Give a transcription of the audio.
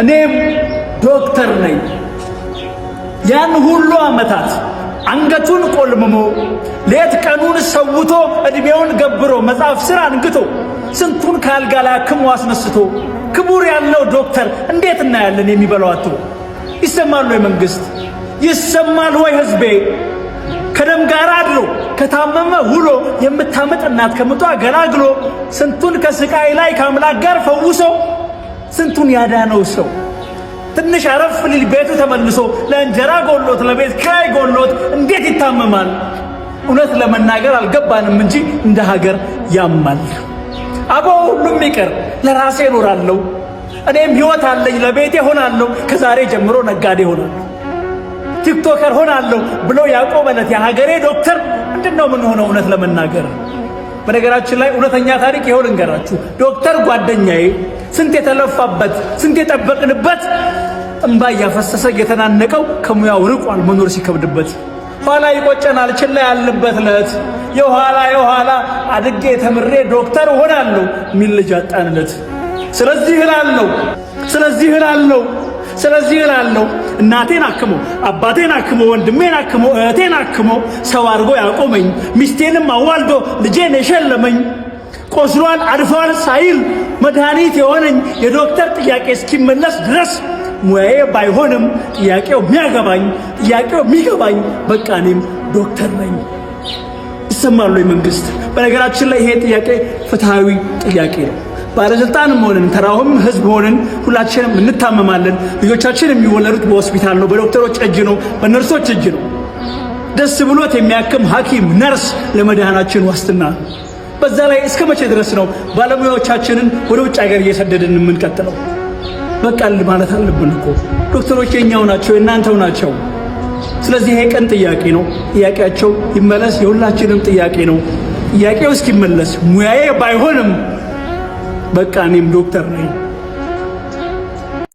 እኔም ዶክተር ነኝ። ያን ሁሉ ዓመታት አንገቱን ቆልምሞ ሌት ቀኑን ሰውቶ ዕድሜውን ገብሮ መጽሐፍ ስር አንግቶ ስንቱን ከአልጋ ላይ አክሞ አስነስቶ ክቡር ያለው ዶክተር እንዴት እናያለን የሚበለው አጥቶ ይሰማል ወይ መንግስት? ይሰማል ወይ ህዝቤ ከደም ጋር አድሮ ከታመመ ውሎ የምታምጥ እናት ከምጧ ገላግሎ ስንቱን ከስቃይ ላይ ከአምላክ ጋር ፈውሶ ስንቱን ያዳነው ሰው ትንሽ አረፍ ሊል ቤቱ ተመልሶ ለእንጀራ ጎሎት ለቤት ኪራይ ጎሎት እንዴት ይታመማል? እውነት ለመናገር አልገባንም እንጂ እንደ ሀገር ያማል። አቦ ሁሉም ይቅር፣ ለራሴ እኖራለሁ፣ እኔም ህይወት አለኝ፣ ለቤቴ ሆናለሁ፣ ከዛሬ ጀምሮ ነጋዴ ሆናለሁ፣ ቲክቶከር ሆናለሁ ብሎ ያቆመለት የሀገሬ ዶክተር ምንድን ነው ምን ሆነው እውነት ለመናገር በነገራችን ላይ እውነተኛ ታሪክ ይኸው ልንገራችሁ። ዶክተር ጓደኛዬ ስንት የተለፋበት ስንት የጠበቅንበት እምባ እያፈሰሰ እየተናነቀው ከሙያው ርቋል መኖር ሲከብድበት። ኋላ ይቆጨናል ችላ ያልንበት ዕለት የኋላ የኋላ አድጌ ተምሬ ዶክተር እሆናለሁ የሚል ልጅ አጣንለት። ስለዚህ እላለሁ ስለዚህ እላለሁ ስለዚህ እላለሁ እናቴን አክሞ አባቴን አክሞ ወንድሜን አክሞ እህቴን አክሞ ሰው አድርጎ ያቆመኝ ሚስቴንም አዋልዶ ልጄን የሸለመኝ ቆስሏል አድፏል ሳይል መድኃኒት የሆነኝ የዶክተር ጥያቄ እስኪመለስ ድረስ ሙያዬ ባይሆንም ጥያቄው የሚያገባኝ ጥያቄው የሚገባኝ በቃ እኔም ዶክተር ነኝ። ይሰማሉ መንግስት። በነገራችን ላይ ይሄ ጥያቄ ፍትሐዊ ጥያቄ ነው። ባለስልጣን ሆንን ተራውም ህዝብ ሆንን ሁላችንም እንታመማለን። ልጆቻችን የሚወለዱት በሆስፒታል ነው፣ በዶክተሮች እጅ ነው፣ በነርሶች እጅ ነው። ደስ ብሎት የሚያክም ሐኪም ነርስ ለመድሃናችን ዋስትና። በዛ ላይ እስከ መቼ ድረስ ነው ባለሙያዎቻችንን ወደ ውጭ ሀገር እየሰደድን የምንቀጥለው? በቃል ማለት አለብን እኮ ዶክተሮች የኛው ናቸው፣ የእናንተው ናቸው። ስለዚህ ይሄ ቀን ጥያቄ ነው። ጥያቄያቸው ይመለስ፣ የሁላችንም ጥያቄ ነው። ጥያቄው እስኪመለስ ሙያዬ ባይሆንም በቃ እኔም ዶክተር ነኝ